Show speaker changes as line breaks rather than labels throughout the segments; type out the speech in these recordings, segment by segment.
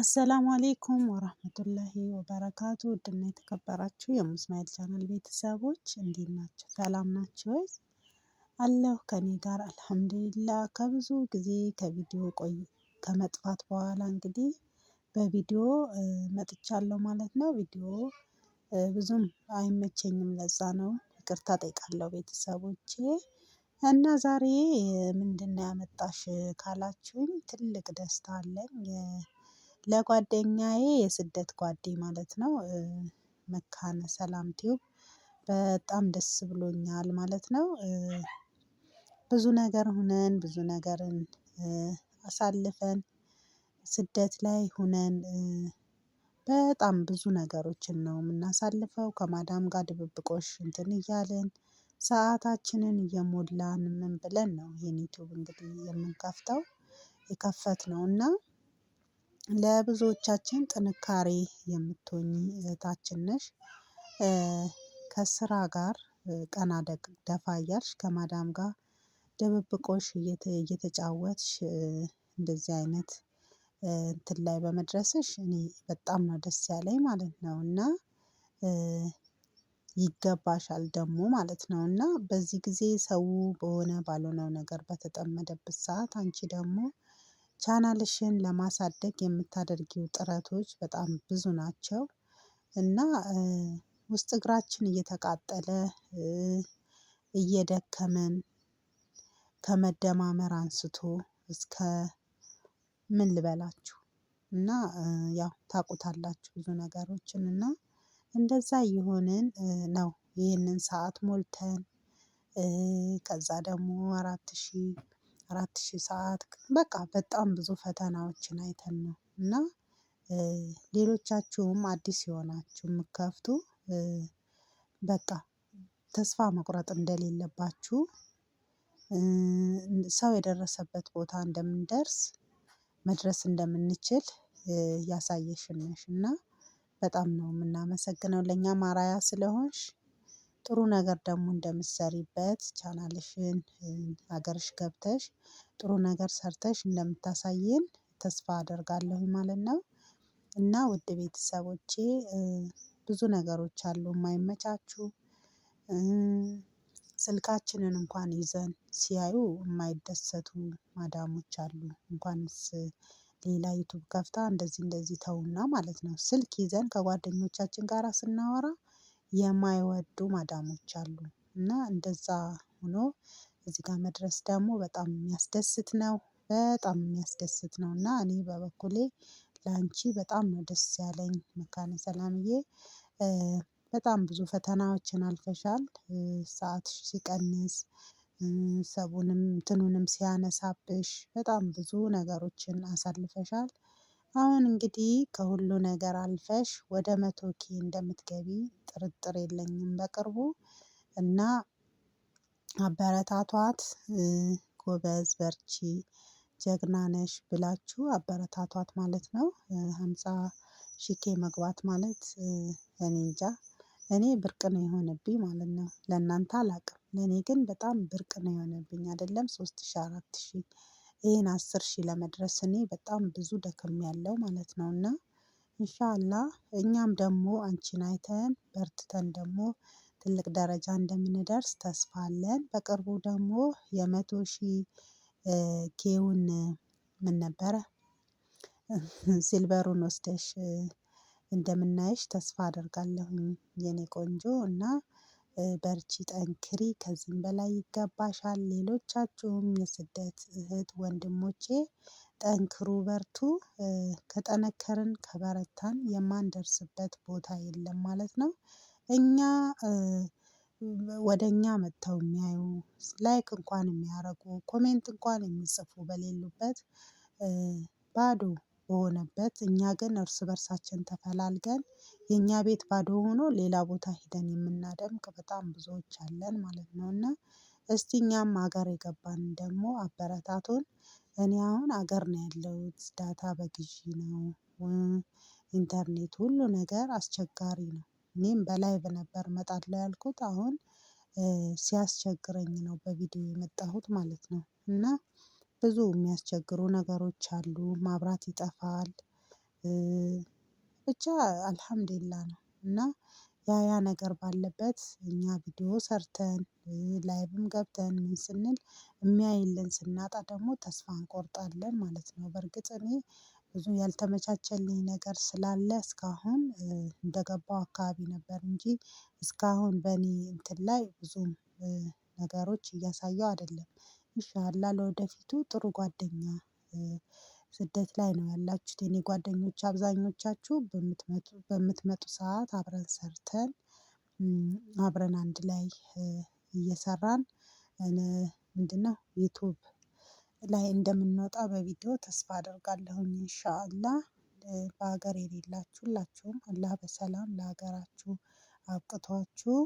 አሰላሙ አሌይኩም ወራህመቱላሂ ወበረካቱ። ውድና የተከበራችሁ የሙስማኤል ቻናል ቤተሰቦች እንዴት ናቸው? ሰላም ናቸው አለሁ ከኔ ጋር አልሐምዱሊላ። ከብዙ ጊዜ ከቪዲዮ ቆይ ከመጥፋት በኋላ እንግዲህ በቪዲዮ መጥቻለሁ ማለት ነው። ቪዲዮ ብዙም አይመቸኝም፣ ለዛ ነው ይቅርታ ጠይቃለሁ ቤተሰቦቼ። እና ዛሬ ምንድን ነው ያመጣሽ ካላችሁኝ ትልቅ ደስታ አለኝ። ለጓደኛዬ የስደት ጓዴ ማለት ነው። መካነ ሰላም ቲዩብ በጣም ደስ ብሎኛል ማለት ነው። ብዙ ነገር ሁነን ብዙ ነገርን አሳልፈን ስደት ላይ ሆነን በጣም ብዙ ነገሮችን ነው የምናሳልፈው ከማዳም ጋር ድብብቆሽ እንትን እያልን ሰአታችንን እየሞላን ምን ብለን ነው ይሄን ዩቲዩብ እንግዲህ የምንከፍተው ነው እና ለብዙዎቻችን ጥንካሬ የምትሆኝ እህታችን ነሽ። ከስራ ጋር ቀና ደፋ እያልሽ ከማዳም ጋር ድብብቆሽ እየተጫወትሽ እንደዚህ አይነት እንትን ላይ በመድረስሽ እኔ በጣም ነው ደስ ያለኝ ማለት ነው። እና ይገባሻል ደግሞ ማለት ነው። እና በዚህ ጊዜ ሰው በሆነ ባልሆነው ነገር በተጠመደበት ሰዓት አንቺ ደግሞ ቻናልሽን ለማሳደግ የምታደርጊው ጥረቶች በጣም ብዙ ናቸው። እና ውስጥ እግራችን እየተቃጠለ እየደከመን ከመደማመር አንስቶ እስከ ምን ልበላችሁ እና ያው ታቁታላችሁ ብዙ ነገሮችን እና እንደዛ እየሆንን ነው ይህንን ሰዓት ሞልተን ከዛ ደግሞ አራት ሺህ አራት ሺህ ሰዓት በቃ በጣም ብዙ ፈተናዎችን አይተን ነው። እና ሌሎቻችሁም አዲስ የሆናችሁ የምከፍቱ በቃ ተስፋ መቁረጥ እንደሌለባችሁ ሰው የደረሰበት ቦታ እንደምንደርስ መድረስ እንደምንችል ያሳየሽን እና በጣም ነው የምናመሰግነው ለእኛ ማራያ ስለሆንሽ ጥሩ ነገር ደግሞ እንደምትሰሪበት ቻናልሽን ሀገርሽ ገብተሽ ጥሩ ነገር ሰርተሽ እንደምታሳየን ተስፋ አደርጋለሁ ማለት ነው። እና ውድ ቤተሰቦቼ ብዙ ነገሮች አሉ የማይመቻቹ ስልካችንን እንኳን ይዘን ሲያዩ የማይደሰቱ ማዳሞች አሉ እንኳንስ ሌላ ዩቱብ ከፍታ እንደዚህ እንደዚህ ተውና ማለት ነው ስልክ ይዘን ከጓደኞቻችን ጋር ስናወራ የማይወዱ ማዳሞች አሉ እና እንደዛ ሆኖ እዚህ ጋር መድረስ ደግሞ በጣም የሚያስደስት ነው በጣም የሚያስደስት ነው። እና እኔ በበኩሌ ለአንቺ በጣም ነው ደስ ያለኝ መካነ ሰላምዬ። በጣም ብዙ ፈተናዎችን አልፈሻል ሰዓትሽ ሲቀንስ ሰቡንም እንትኑንም ሲያነሳብሽ በጣም ብዙ ነገሮችን አሳልፈሻል አሁን እንግዲህ ከሁሉ ነገር አልፈሽ ወደ መቶ ኪ እንደምትገቢ ጥርጥር የለኝም በቅርቡ እና አበረታቷት ጎበዝ በርቺ ጀግና ነሽ ብላችሁ አበረታቷት ማለት ነው። ሀምሳ ሺኬ መግባት ማለት እኔ እንጃ እኔ ብርቅ ነው የሆነብኝ ማለት ነው። ለእናንተ አላቅም፣ ለእኔ ግን በጣም ብርቅ ነው የሆነብኝ አይደለም ሶስት ሺ አራት ሺህ ይህን አስር ሺህ ለመድረስ እኔ በጣም ብዙ ያለው ማለት ነው። እና ኢንሻአላህ እኛም ደግሞ አንቺን አይተን በርትተን ደግሞ ትልቅ ደረጃ እንደምንደርስ ተስፋ አለን። በቅርቡ ደግሞ የመቶ ሺህ ኬውን ምን ነበረ ሲልቨሩን ወስደሽ እንደምናይሽ ተስፋ አደርጋለሁ የኔ ቆንጆ እና በርቺ ጠንክሪ ከዚህም በላይ ይገባሻል። ሌሎቻችሁም የስደት እህት ወንድሞቼ ጠንክሩ በርቱ። ከጠነከርን ከበረታን የማንደርስበት ቦታ የለም ማለት ነው። እኛ ወደ እኛ መጥተው የሚያዩ ላይክ እንኳን የሚያረጉ ኮሜንት እንኳን የሚጽፉ በሌሉበት ባዶ በሆነበት እኛ ግን እርስ በርሳችን ተፈላልገን የኛ ቤት ባዶ ሆኖ ሌላ ቦታ ሄደን የምናደምቅ በጣም ብዙዎች አለን ማለት ነው። እና እስቲ እኛም ሀገር የገባን ደግሞ አበረታቱን። እኔ አሁን ሀገር ነው ያለሁት ዳታ በግዢ ነው። ኢንተርኔት ሁሉ ነገር አስቸጋሪ ነው። እኔም በላይቭ ነበር እመጣለሁ ያልኩት አሁን ሲያስቸግረኝ ነው በቪዲዮ የመጣሁት ማለት ነው። እና ብዙ የሚያስቸግሩ ነገሮች አሉ ማብራት ይጠፋል። ብቻ አልሀምድሊላህ ነው። እና ያ ያ ነገር ባለበት እኛ ቪዲዮ ሰርተን ላይቭም ገብተን ምን ስንል የሚያይልን ስናጣ ደግሞ ተስፋ እንቆርጣለን ማለት ነው። በእርግጥ እኔ ብዙ ያልተመቻቸልኝ ነገር ስላለ እስካሁን እንደገባው አካባቢ ነበር እንጂ እስካሁን በእኔ እንትን ላይ ብዙም ነገሮች እያሳየው አይደለም ኢንሻላ ለወደፊቱ ጥሩ ጓደኛ ስደት ላይ ነው ያላችሁት የኔ ጓደኞች አብዛኞቻችሁ በምትመጡ ሰዓት አብረን ሰርተን አብረን አንድ ላይ እየሰራን ምንድነው ዩቱብ ላይ እንደምንወጣ በቪዲዮ ተስፋ አደርጋለሁ። እንሻአላ በሀገር የሌላችሁ ሁላችሁም አላህ በሰላም ለሀገራችሁ አብቅቷችሁ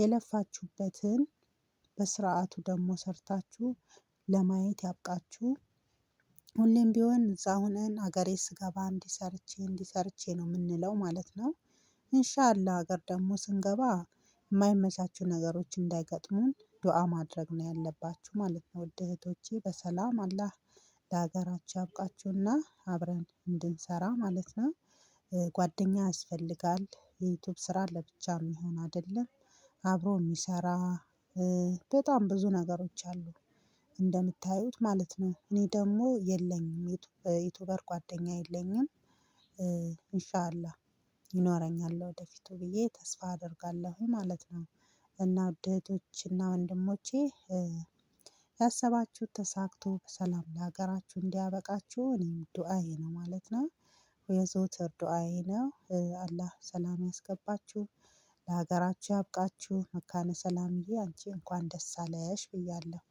የለፋችሁበትን በስርዓቱ ደግሞ ሰርታችሁ ለማየት ያብቃችሁ። ሁሌም ቢሆን እዛ ሁነን አገሬ ስገባ እንዲሰርቼ እንዲሰርቼ ነው የምንለው ማለት ነው። እንሻላ ሀገር ደግሞ ስንገባ የማይመቻችሁ ነገሮች እንዳይገጥሙን ዱአ ማድረግ ነው ያለባችሁ ማለት ነው። ውድ እህቶቼ በሰላም አላህ ለሀገራችሁ ያብቃችሁና አብረን እንድንሰራ ማለት ነው። ጓደኛ ያስፈልጋል የዩቱብ ስራ ለብቻ የሚሆን አይደለም። አብሮ የሚሰራ በጣም ብዙ ነገሮች አሉ እንደምታዩት ማለት ነው እኔ ደግሞ የለኝም ዩቲዩበር ጓደኛ የለኝም። እንሻላ ይኖረኛል ወደፊቱ ብዬ ተስፋ አደርጋለሁ ማለት ነው። እና ውድ እና ወንድሞቼ ያሰባችሁት ተሳክቶ በሰላም ለሀገራችሁ እንዲያበቃችሁ እኔም ዱአዬ ነው ማለት ነው። የዘወትር ዱአዬ ነው አላህ ሰላም ያስገባችሁ ለሀገራችሁ ያብቃችሁ መካነ ሰላምዬ አንቺ እንኳን ደስ አለሽ ብያለሁ